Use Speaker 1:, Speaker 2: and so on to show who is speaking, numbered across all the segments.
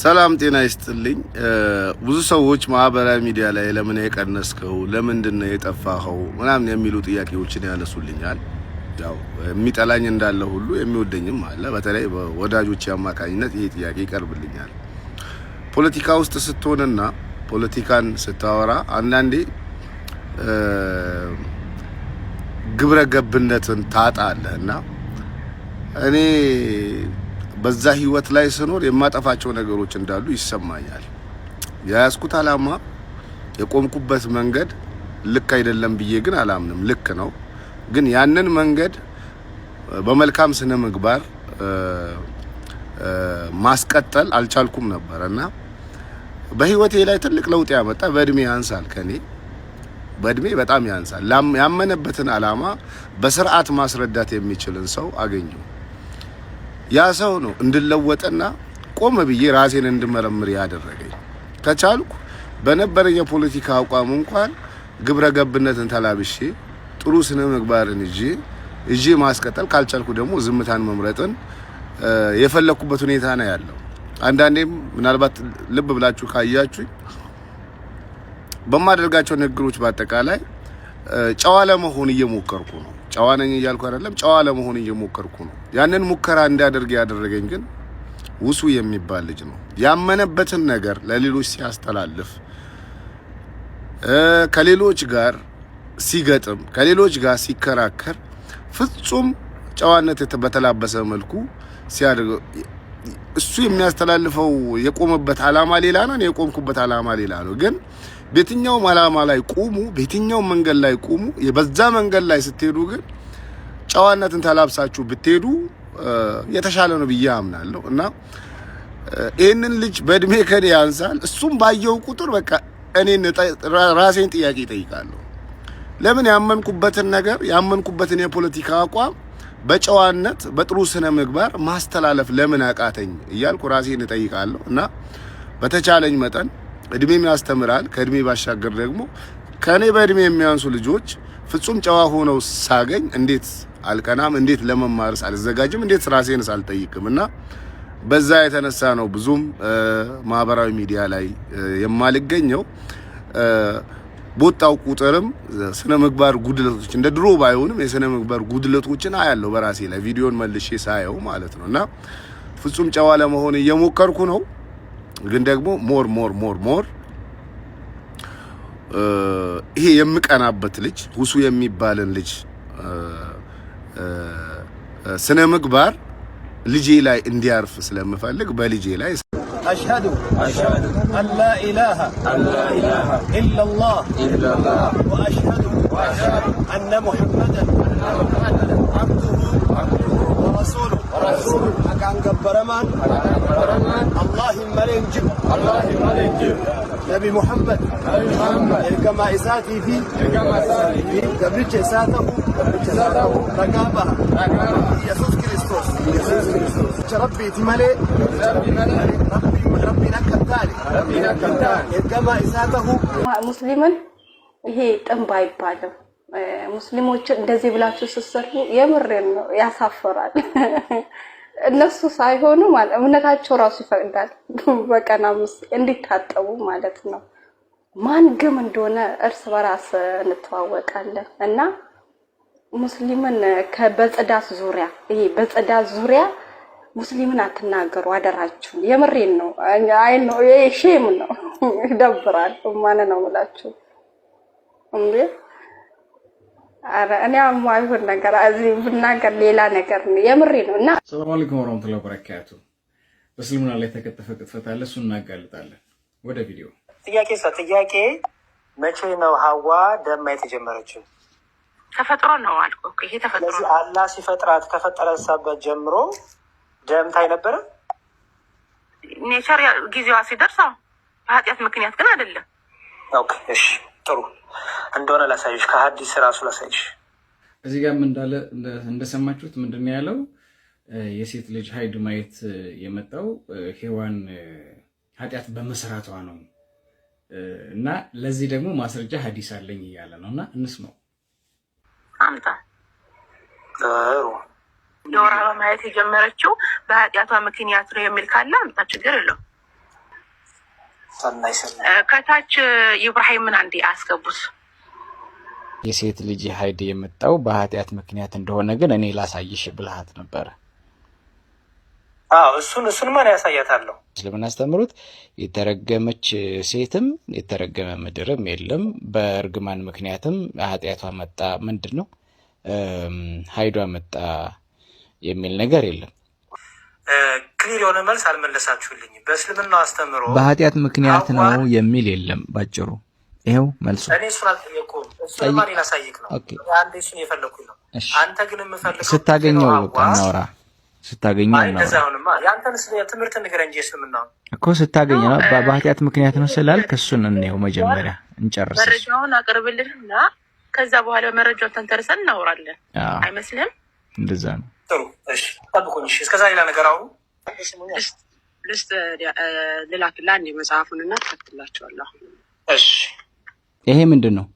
Speaker 1: ሰላም ጤና ይስጥልኝ። ብዙ ሰዎች ማህበራዊ ሚዲያ ላይ ለምን የቀነስከው ለምንድን ነው የጠፋኸው ምናምን የሚሉ ጥያቄዎችን ያነሱልኛል። ያው የሚጠላኝ እንዳለ ሁሉ የሚወደኝም አለ። በተለይ በወዳጆች አማካኝነት ይሄ ጥያቄ ይቀርብልኛል። ፖለቲካ ውስጥ ስትሆንና ፖለቲካን ስታወራ አንዳንዴ ግብረ ገብነትን ታጣለህ እና እኔ በዛ ህይወት ላይ ስኖር የማጠፋቸው ነገሮች እንዳሉ ይሰማኛል። የያዝኩት አላማ የቆምኩበት መንገድ ልክ አይደለም ብዬ ግን አላምንም። ልክ ነው፣ ግን ያንን መንገድ በመልካም ስነ ምግባር ማስቀጠል አልቻልኩም ነበረ እና በህይወቴ ላይ ትልቅ ለውጥ ያመጣ በእድሜ ያንሳል ከኔ በእድሜ በጣም ያንሳል ያመነበትን አላማ በስርዓት ማስረዳት የሚችልን ሰው አገኘው። ያ ሰው ነው እንድለወጠና ቆመ ብዬ ራሴን እንድመረምር ያደረገኝ። ከቻልኩ በነበረኝ የፖለቲካ አቋም እንኳን ግብረ ገብነትን ተላብሼ ጥሩ ስነ ምግባርን ይዤ ይዤ ማስቀጠል ካልቻልኩ ደግሞ ዝምታን መምረጥን የፈለኩበት ሁኔታ ነው ያለው። አንዳንዴም ምናልባት ልብ ብላችሁ ካያችሁ በማደርጋቸው ንግግሮች በአጠቃላይ ጨዋ ለመሆን እየሞከርኩ ነው። ጨዋ ነኝ እያልኩ አይደለም፣ ጨዋ ለመሆን እየሞከርኩ ነው። ያንን ሙከራ እንዳደርግ ያደረገኝ ግን ውሱ የሚባል ልጅ ነው። ያመነበትን ነገር ለሌሎች ሲያስተላልፍ፣ ከሌሎች ጋር ሲገጥም፣ ከሌሎች ጋር ሲከራከር ፍጹም ጨዋነት በተላበሰ መልኩ ሲያደርገው እሱ የሚያስተላልፈው የቆመበት አላማ ሌላ ነው። የቆምኩበት አላማ ሌላ ነው። ግን በየትኛውም አላማ ላይ ቁሙ፣ በየትኛውም መንገድ ላይ ቁሙ። የበዛ መንገድ ላይ ስትሄዱ ግን ጨዋነትን ተላብሳችሁ ብትሄዱ የተሻለ ነው ብዬ አምናለሁ እና ይህንን ልጅ በእድሜ ከኔ ያንሳል። እሱም ባየው ቁጥር በቃ እኔን ራሴን ጥያቄ ይጠይቃለሁ። ለምን ያመንኩበትን ነገር ያመንኩበትን የፖለቲካ አቋም በጨዋነት በጥሩ ስነ ምግባር ማስተላለፍ ለምን አቃተኝ እያልኩ ራሴን እጠይቃለሁ እና በተቻለኝ መጠን እድሜም ያስተምራል። ከእድሜ ባሻገር ደግሞ ከእኔ በእድሜ የሚያንሱ ልጆች ፍጹም ጨዋ ሆነው ሳገኝ እንዴት አልቀናም? እንዴት ለመማርስ አልዘጋጅም? እንዴት ራሴንስ አልጠይቅም? እና በዛ የተነሳ ነው ብዙም ማህበራዊ ሚዲያ ላይ የማልገኘው። በወጣው ቁጥርም ስነ ምግባር ጉድለቶች እንደ ድሮ ባይሆንም የስነ ምግባር ጉድለቶችን አያለሁ በራሴ ላይ ቪዲዮን መልሼ ሳየው ማለት ነው። እና ፍጹም ጨዋ ለመሆን እየሞከርኩ ነው፣ ግን ደግሞ ሞር ሞር ሞር ሞር ይሄ የምቀናበት ልጅ ሁሱ የሚባልን ልጅ ስነ ምግባር ልጄ ላይ እንዲያርፍ ስለምፈልግ በልጄ ላይ أشهد
Speaker 2: أشهد أن لا إله أن لا إله إلا الله إلا الله وأشهد وأشهد أن محمدا عبده ورسوله ورسوله أكان كبرمان اللهم لنجب اللهم لنجب نبي محمد نبي محمد الكما إساتي في كما إساتي في إساته قبرتش إساته يسوع كريستوس يسوع كريستوس ربي تملي ربي ربي ሙስሊምን
Speaker 3: ይሄ ጥንብ አይባልም። ሙስሊሞችን እንደዚህ ብላችሁ ስትሰሩ የምሬን ነው ያሳፈራል። እነሱ ሳይሆኑ ማለት እምነታቸው ራሱ ይፈቅዳል። በቀን አምስት እንዲታጠቡ ማለት ነው። ማን ግም እንደሆነ እርስ በራስ እንተዋወቃለን እና ሙስሊምን በጽዳት ዙሪያ ይሄ በጽዳት ዙሪያ ሙስሊምን አትናገሩ አደራችሁ። የምሬን ነው። አይ ነው ሼም ነው ይደብራል። ማን ነው የምላችሁ እንዴ? አረ እኔ አማይሁን ነገር እዚህ ብናገር ሌላ ነገር ነው። የምሬ ነው። እና ሰላም
Speaker 1: አለይኩም ወራህመቱላሂ ወበረካቱ። በእስልምና ላይ የተከተፈ ቅጥፈት አለ፣ እሱን እናጋልጣለን። ወደ ቪዲዮ ጥያቄ
Speaker 4: ሰ ጥያቄ መቼ ነው ሀዋ ደማ የተጀመረችው?
Speaker 5: ተፈጥሮ ነው አልኩ። ይሄ
Speaker 4: ተፈጥሮ አላህ ሲፈጥራት ከፈጠረሳበት ጀምሮ ደምታ ነበረ
Speaker 5: ኔቸር ጊዜዋ ሲደርስ በኃጢአት ምክንያት ግን
Speaker 4: አይደለም። ኦኬ እሺ፣ ጥሩ እንደሆነ ላሳይሽ፣ ከሀዲስ ራሱ ላሳይሽ። እዚህ ጋርም እንዳለ
Speaker 1: እንደሰማችሁት ምንድን ነው ያለው? የሴት ልጅ ሀይድ ማየት የመጣው ሔዋን ኃጢአት በመስራቷ ነው እና ለዚህ ደግሞ ማስረጃ ሀዲስ አለኝ እያለ ነው እና እንስ ነው
Speaker 5: አምጣ ዶራ በማየት የጀመረችው በኃጢአቷ ምክንያት ነው የሚል ካለ አምጣ፣ ችግር የለው። ከታች ኢብራሂምን አንዴ አስገቡት።
Speaker 1: የሴት ልጅ ሀይድ የመጣው በኃጢአት ምክንያት እንደሆነ ግን እኔ ላሳይሽ ብልሃት ነበረ።
Speaker 4: እሱን እሱን ማን ያሳያታለሁ?
Speaker 1: እስልምና አስተምሮት የተረገመች ሴትም የተረገመ ምድርም የለም። በእርግማን ምክንያትም ኃጢአቷ መጣ ምንድን ነው ሀይዷ መጣ የሚል ነገር የለም። ክሊር የሆነ መልስ
Speaker 4: አልመለሳችሁልኝ። በእስልምና አስተምሮ በኃጢአት ምክንያት ነው የሚል
Speaker 1: የለም። ባጭሩ ይኸው መልሱ። እኔ እሱን አልጠየቁም። እሱንማ እኔን
Speaker 4: ነው። አንድ እሱን የፈለግኩኝ ነው። አንተ ግን የምፈልገው ስታገኘው በቃ
Speaker 1: እናውራ ስታገኘው
Speaker 4: ትምህርት ንገረኝ እንጂ እስልምና
Speaker 1: እኮ ስታገኘው በኃጢአት ምክንያት ነው ስላልክ እሱን እንየው መጀመሪያ እንጨርስ። መረጃውን አቅርብልህና
Speaker 5: ከዛ በኋላ መረጃውን ተንተርሰን እናውራለን። አይመስልህም? እንደዛ ነው። ጥሩ ጠብቁኝ። እሺ፣
Speaker 4: እስከዛ ሌላ ነገር አሁኑ ልስጥ ልላክላ
Speaker 5: እንዲ መጽሐፉን እና
Speaker 4: እሺ፣ ይሄ
Speaker 1: ምንድን ነው?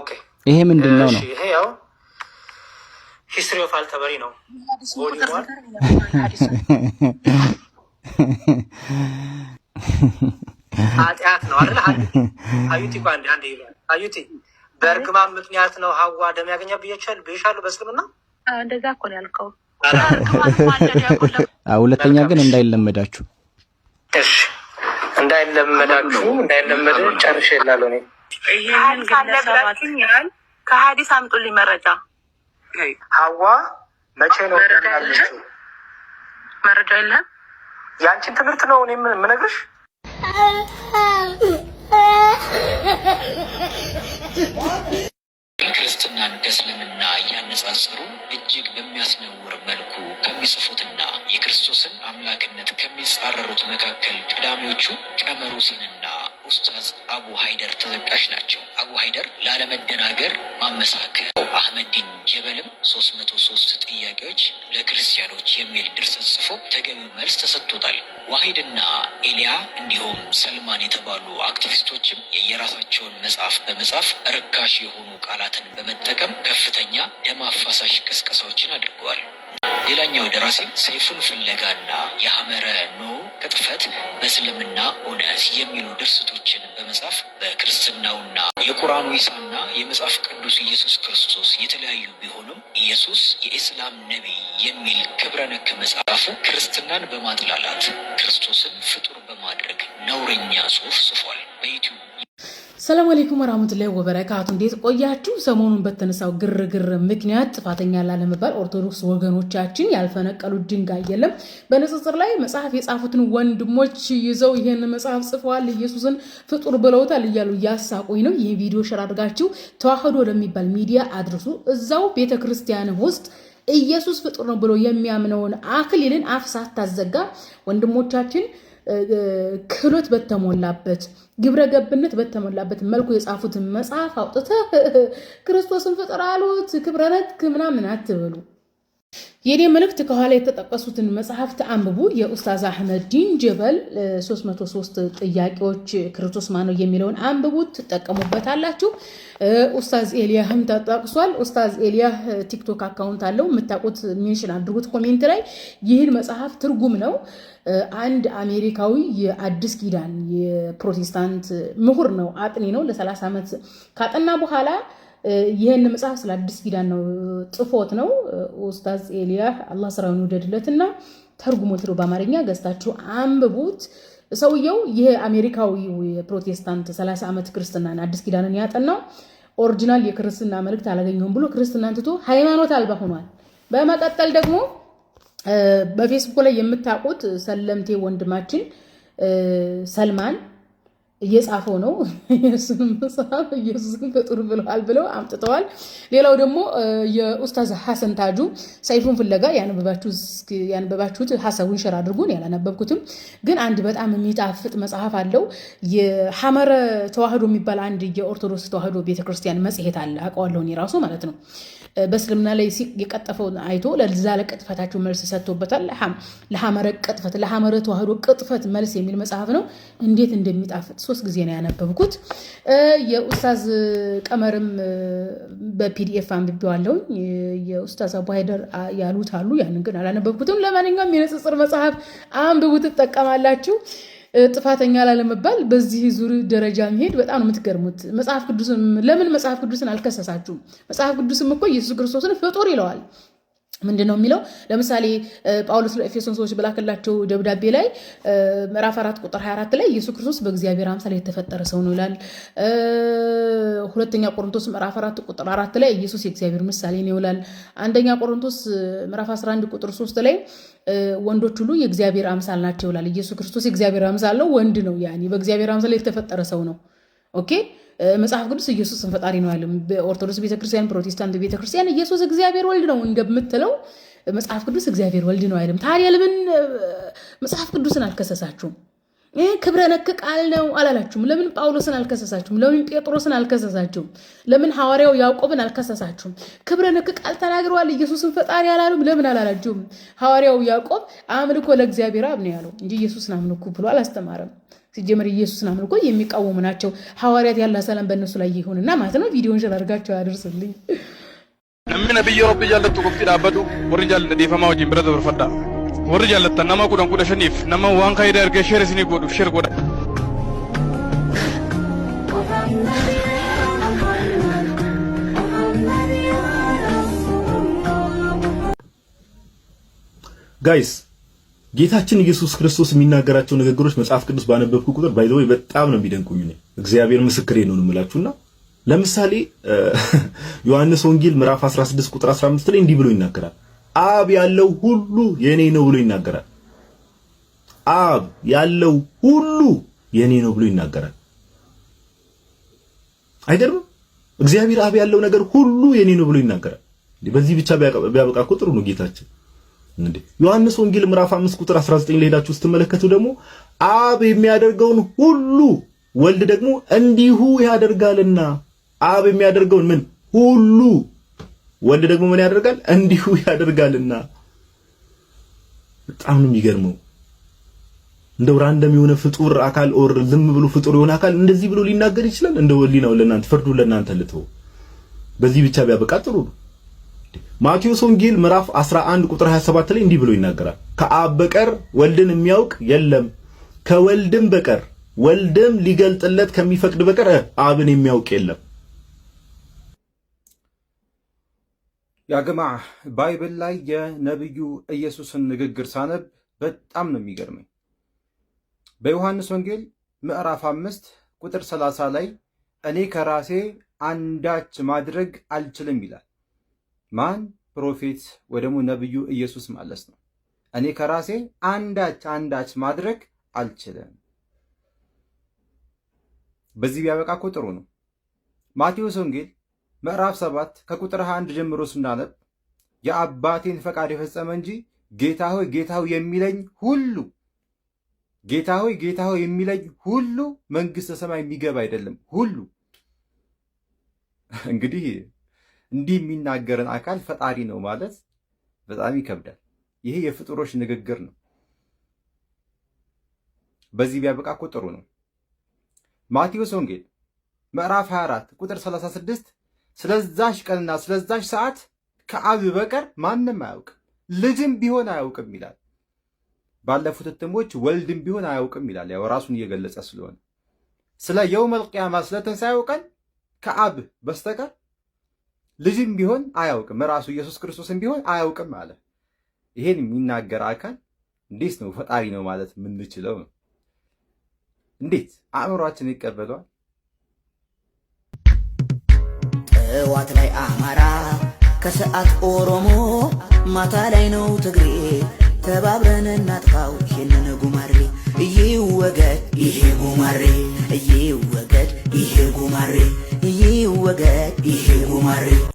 Speaker 1: ኦኬ፣
Speaker 4: ይሄ ምንድን ነው ነው? ይሄ ያው ሂስትሪ ኦፍ አልተበሪ ነው። ኃጢአት ነው አይደል? አዩቲ አዩቲ በእርግማን ምክንያት ነው ሀዋ ደም ያገኛ ብዬቻል ብዬሻሉ በእስልምና እንደዛ እኮ ነው ያልከው።
Speaker 5: ሁለተኛ
Speaker 1: ግን እንዳይለመዳችሁ፣ እሺ
Speaker 4: እንዳይለመዳችሁ፣ እንዳይለመድ ጨርሼ እላለሁ እኔ
Speaker 5: ይህን ካለብላችኝ ይላል። ከሀዲስ አምጡልኝ መረጃ።
Speaker 4: ሀዋ መቼ ነው ያለችው?
Speaker 5: መረጃ የለም። የአንቺን
Speaker 4: ትምህርት ነው እኔ የምነግርሽ።
Speaker 6: ከእስልምና እያነጻጸሩ እጅግ በሚያስነውር መልኩ ከሚጽፉትና የክርስቶስን አምላክነት ከሚጻረሩት መካከል ቀዳሚዎቹ ሲንና ኡስታዝ አቡ ሀይደር ተጠቃሽ ናቸው። አቡ ሀይደር ላለመደናገር ማመሳከር፣ አህመዲን ጀበልም ሶስት መቶ ሶስት ጥያቄዎች ለክርስቲያኖች የሚል ድርሰት ጽፎ ተገቢ መልስ ተሰጥቶታል። ዋሂድና ኤልያ እንዲሁም ሰልማን የተባሉ አክቲቪስቶችም የየራሳቸውን መጽሐፍ በመጻፍ ርካሽ የሆኑ ቃላትን በመጠቀም ከፍተኛ ደም አፋሳሽ ቅስቀሳዎችን አድርገዋል። ሌላኛው ደራሲ ሰይፉን ፍለጋና የሐመረ ኖ ቅጥፈት በእስልምና እውነት የሚሉ ድርሰቶችን በመጻፍ በክርስትናውና የቁርአኑ ዒሳና የመጽሐፍ ቅዱስ ኢየሱስ ክርስቶስ የተለያዩ ቢሆኑም ኢየሱስ የኢስላም ነቢይ የሚል ክብረ ነክ መጽሐፉ ክርስትናን በማጥላላት ክርስቶስን ፍጡር በማድረግ ነውረኛ ጽሑፍ ጽፏል። በዩቲዩብ
Speaker 7: ሰላም አለይኩም ወራህመቱላሂ ወበረካቱ። እንዴት ቆያችሁ? ሰሞኑን በተነሳው ግርግር ምክንያት ጥፋተኛ ላለመባል ኦርቶዶክስ ወገኖቻችን ያልፈነቀሉ ድንጋይ የለም። በንጽጽር ላይ መጽሐፍ የጻፉትን ወንድሞች ይዘው ይህን መጽሐፍ ጽፈዋል፣ ኢየሱስን ፍጡር ብለውታል እያሉ እያሳቁኝ ነው። ይህ ቪዲዮ ሸር አድርጋችሁ ተዋህዶ ወደሚባል ሚዲያ አድርሱ። እዛው ቤተክርስቲያን ውስጥ ኢየሱስ ፍጡር ነው ብሎ የሚያምነውን አክሊልን አፍሳት ታዘጋ ወንድሞቻችን ክህሎት በተሞላበት ግብረ ገብነት በተሞላበት መልኩ የጻፉትን መጽሐፍ አውጥተህ ክርስቶስን ፍጥር አሉት ክብረ ነክ ምናምን አትበሉ። የኔ መልእክት ከኋላ የተጠቀሱትን መጽሐፍት አንብቡ። የኡስታዝ አህመድ ዲን ጀበል 303 ጥያቄዎች ክርስቶስ ማነው የሚለውን አንብቡ ትጠቀሙበታላችሁ። ኡስታዝ ኤልያህም ተጠቅሷል። ኡስታዝ ኤልያህ ቲክቶክ አካውንት አለው፣ የምታውቁት ሜንሽን አድርጉት ኮሜንት ላይ። ይህን መጽሐፍ ትርጉም ነው። አንድ አሜሪካዊ የአዲስ ኪዳን የፕሮቴስታንት ምሁር ነው፣ አጥኒ ነው። ለ30 ዓመት ካጠና በኋላ ይህን መጽሐፍ ስለ አዲስ ኪዳን ነው ጽፎት ነው ኡስታዝ ኤልያ አላህ ስራውን እና ተርጉሞት ነው በአማርኛ ገዝታችሁ አንብቡት። ሰውየው ይህ አሜሪካዊ ፕሮቴስታንት 30 ዓመት ክርስትናን አዲስ ኪዳንን ያጠናው ኦሪጂናል የክርስትና መልእክት አላገኘሁም ብሎ ክርስትናን ትቶ ሃይማኖት አልባ ሆኗል። በመቀጠል ደግሞ በፌስቡክ ላይ የምታውቁት ሰለምቴ ወንድማችን ሰልማን እየጻፈው ነው። እሱንም መጽሐፍ ኢየሱስን ፍጡር ብለዋል ብለው አምጥተዋል። ሌላው ደግሞ የኡስታዝ ሐሰን ታጁ ሰይፉን ፍለጋ ያነበባችሁት ሀሳቡን ሸር አድርጉን። ያላነበብኩትም ግን አንድ በጣም የሚጣፍጥ መጽሐፍ አለው። የሐመረ ተዋህዶ የሚባል አንድ የኦርቶዶክስ ተዋህዶ ቤተክርስቲያን መጽሔት አለ። አውቀዋለሁን የራሱ ማለት ነው በእስልምና ላይ የቀጠፈውን አይቶ ለዛ ለቅጥፈታቸው መልስ ሰጥቶበታል። ለሐመረ ቅጥፈት ለሐመረ ተዋህዶ ቅጥፈት መልስ የሚል መጽሐፍ ነው። እንዴት እንደሚጣፍጥ ሶስት ጊዜ ነው ያነበብኩት። የኡስታዝ ቀመርም በፒዲኤፍ አንብቤዋለሁ። የኡስታዝ አቡ ያሉት አሉ። ያንን ግን አላነበብኩትም። ለማንኛውም የንጽጽር መጽሐፍ አንብቡ፣ ትጠቀማላችሁ። ጥፋተኛ ላለመባል በዚህ ዙር ደረጃ መሄድ በጣም ነው የምትገርሙት። መጽሐፍ ቅዱስን ለምን መጽሐፍ ቅዱስን አልከሰሳችሁም? መጽሐፍ ቅዱስም እኮ ኢየሱስ ክርስቶስን ፍጡር ይለዋል። ምንድን ነው የሚለው? ለምሳሌ ጳውሎስ ለኤፌሶን ሰዎች በላከላቸው ደብዳቤ ላይ ምዕራፍ አራት ቁጥር 24 ላይ ኢየሱስ ክርስቶስ በእግዚአብሔር አምሳል የተፈጠረ ሰው ነው ይላል። ሁለተኛ ቆሮንቶስ ምዕራፍ አራት ቁጥር አራት ላይ ኢየሱስ የእግዚአብሔር ምሳሌ ነው ይላል። አንደኛ ቆሮንቶስ ምዕራፍ 11 ቁጥር 3 ላይ ወንዶች ሁሉ የእግዚአብሔር አምሳል ናቸው ይላል። ኢየሱስ ክርስቶስ የእግዚአብሔር አምሳል ነው፣ ወንድ ነው። ያኔ በእግዚአብሔር አምሳል የተፈጠረ ሰው ነው። ኦኬ መጽሐፍ ቅዱስ ኢየሱስን ፈጣሪ ነው ያለም። በኦርቶዶክስ ቤተክርስቲያን፣ ፕሮቴስታንት ቤተክርስቲያን ኢየሱስ እግዚአብሔር ወልድ ነው እንደምትለው መጽሐፍ ቅዱስ እግዚአብሔር ወልድ ነው አይልም። ታዲያ ለምን መጽሐፍ ቅዱስን አልከሰሳችሁም? ክብረ ነክ ቃል ነው አላላችሁም? ለምን ጳውሎስን አልከሰሳችሁም? ለምን ጴጥሮስን አልከሰሳችሁም? ለምን ሐዋርያው ያዕቆብን አልከሰሳችሁም? ክብረ ነክ ቃል ተናግረዋል፣ ኢየሱስን ፈጣሪ አላሉም። ለምን አላላችሁም? ሐዋርያው ያዕቆብ አምልኮ ለእግዚአብሔር አብ ነው ያለው እንጂ ኢየሱስን አምልኩ ብሎ አላስተማረም። ሲጀመር ኢየሱስን አምልኮ የሚቃወሙ ናቸው ሐዋርያት። ያለ ሰላም በእነሱ ላይ ይሁንና ማለት ነው። ቪዲዮን ሽር አድርጋቸው ያደርስልኝ ነሚነ ብየ ረብ እያለጡ ቆፊ ዳበዱ ወር ጃለ ዴፈማ ወጂን ብረ ዘበርፈዳ
Speaker 8: ወር ጃለተ ነማ ቁደን ቁደ ሸኒፍ ነማ ዋን ካይዳ እርገ ሼር ሲኒ ጎዱ ሸር ጎዳ
Speaker 9: ጋይስ ጌታችን ኢየሱስ ክርስቶስ የሚናገራቸው ንግግሮች መጽሐፍ ቅዱስ ባነበብኩ ቁጥር ባይዘው በጣም ነው የሚደንቁኝ። እግዚአብሔር ምስክሬ ነው የምላችሁና ለምሳሌ ዮሐንስ ወንጌል ምዕራፍ 16 ቁጥር 15 ላይ እንዲህ ብሎ ይናገራል። አብ ያለው ሁሉ የኔ ነው ብሎ ይናገራል። አብ ያለው ሁሉ የኔ ነው ብሎ ይናገራል። አይገርምም? እግዚአብሔር አብ ያለው ነገር ሁሉ የኔ ነው ብሎ ይናገራል። በዚህ ብቻ ቢያበቃ ቁጥሩ ነው ጌታችን ዮሐንስ ወንጌል ምዕራፍ 5 ቁጥር 19 ላይ ሄዳችሁ ስትመለከቱ ደግሞ አብ የሚያደርገውን ሁሉ ወልድ ደግሞ እንዲሁ ያደርጋልና አብ የሚያደርገውን ምን ሁሉ ወልድ ደግሞ ምን ያደርጋል? እንዲሁ ያደርጋልና። በጣም ነው የሚገርመው። እንደው ራንደም የሆነ ፍጡር አካል ኦር ዝም ብሎ ፍጡር የሆነ አካል እንደዚህ ብሎ ሊናገር ይችላል? እንደው ሊናው ለእናንተ ፍርዱ ለእናንተ ልተው። በዚህ ብቻ ቢያበቃ ጥሩ ነው። ማቴዎስ ወንጌል ምዕራፍ 11 ቁጥር 27 ላይ እንዲህ ብሎ ይናገራል። ከአብ በቀር ወልድን የሚያውቅ የለም፣ ከወልድም በቀር ወልድም ሊገልጥለት ከሚፈቅድ በቀር አብን የሚያውቅ የለም። ያ ባይብል ላይ የነቢዩ ኢየሱስን
Speaker 10: ንግግር ሳነብ በጣም ነው የሚገርመኝ። በዮሐንስ ወንጌል ምዕራፍ 5 ቁጥር 30 ላይ እኔ ከራሴ አንዳች ማድረግ አልችልም ይላል። ማን ፕሮፌት ወይ ደግሞ ነብዩ ኢየሱስ ማለት ነው። እኔ ከራሴ አንዳች አንዳች ማድረግ አልችልም። በዚህ ቢያበቃ እኮ ጥሩ ነው። ማቴዎስ ወንጌል ምዕራፍ 7 ከቁጥር 21 ጀምሮ ስናነብ የአባቴን ፈቃድ የፈጸመ እንጂ ጌታ ሆይ ጌታ ሆይ የሚለኝ ሁሉ ጌታ ሆይ ጌታ ሆይ የሚለኝ ሁሉ መንግሥተ ሰማይ የሚገባ አይደለም። ሁሉ እንግዲህ እንዲህ የሚናገርን አካል ፈጣሪ ነው ማለት በጣም ይከብዳል። ይሄ የፍጡሮች ንግግር ነው። በዚህ ቢያበቃ እኮ ጥሩ ነው። ማቴዎስ ወንጌል ምዕራፍ 24 ቁጥር 36 ስለዛሽ ቀንና ስለዛሽ ሰዓት ከአብ በቀር ማንም አያውቅም ልጅም ቢሆን አያውቅም ይላል። ባለፉት እትሞች ወልድም ቢሆን አያውቅም ይላል። ያው ራሱን እየገለጸ ስለሆነ ስለ የውመል ቂያማ ስለ ትንሣኤው ቀን ከአብ በስተቀር ልጅም ቢሆን አያውቅም፣ ራሱ ኢየሱስ ክርስቶስም ቢሆን አያውቅም አለ። ይሄን የሚናገር አካል እንዴት ነው ፈጣሪ ነው ማለት የምንችለው? ነው እንዴት አእምሯችን ይቀበለዋል? ጠዋት ላይ አማራ፣ ከሰዓት ኦሮሞ፣ ማታ ላይ ነው ትግሬ። ተባብረን እናጥፋው ይህንን ጉማሬ። እዬ ወገድ ይሄ ጉማሬ፣ እዬ ወገድ ይሄ ጉማሬ፣ እዬ ወገድ ይሄ ጉማሬ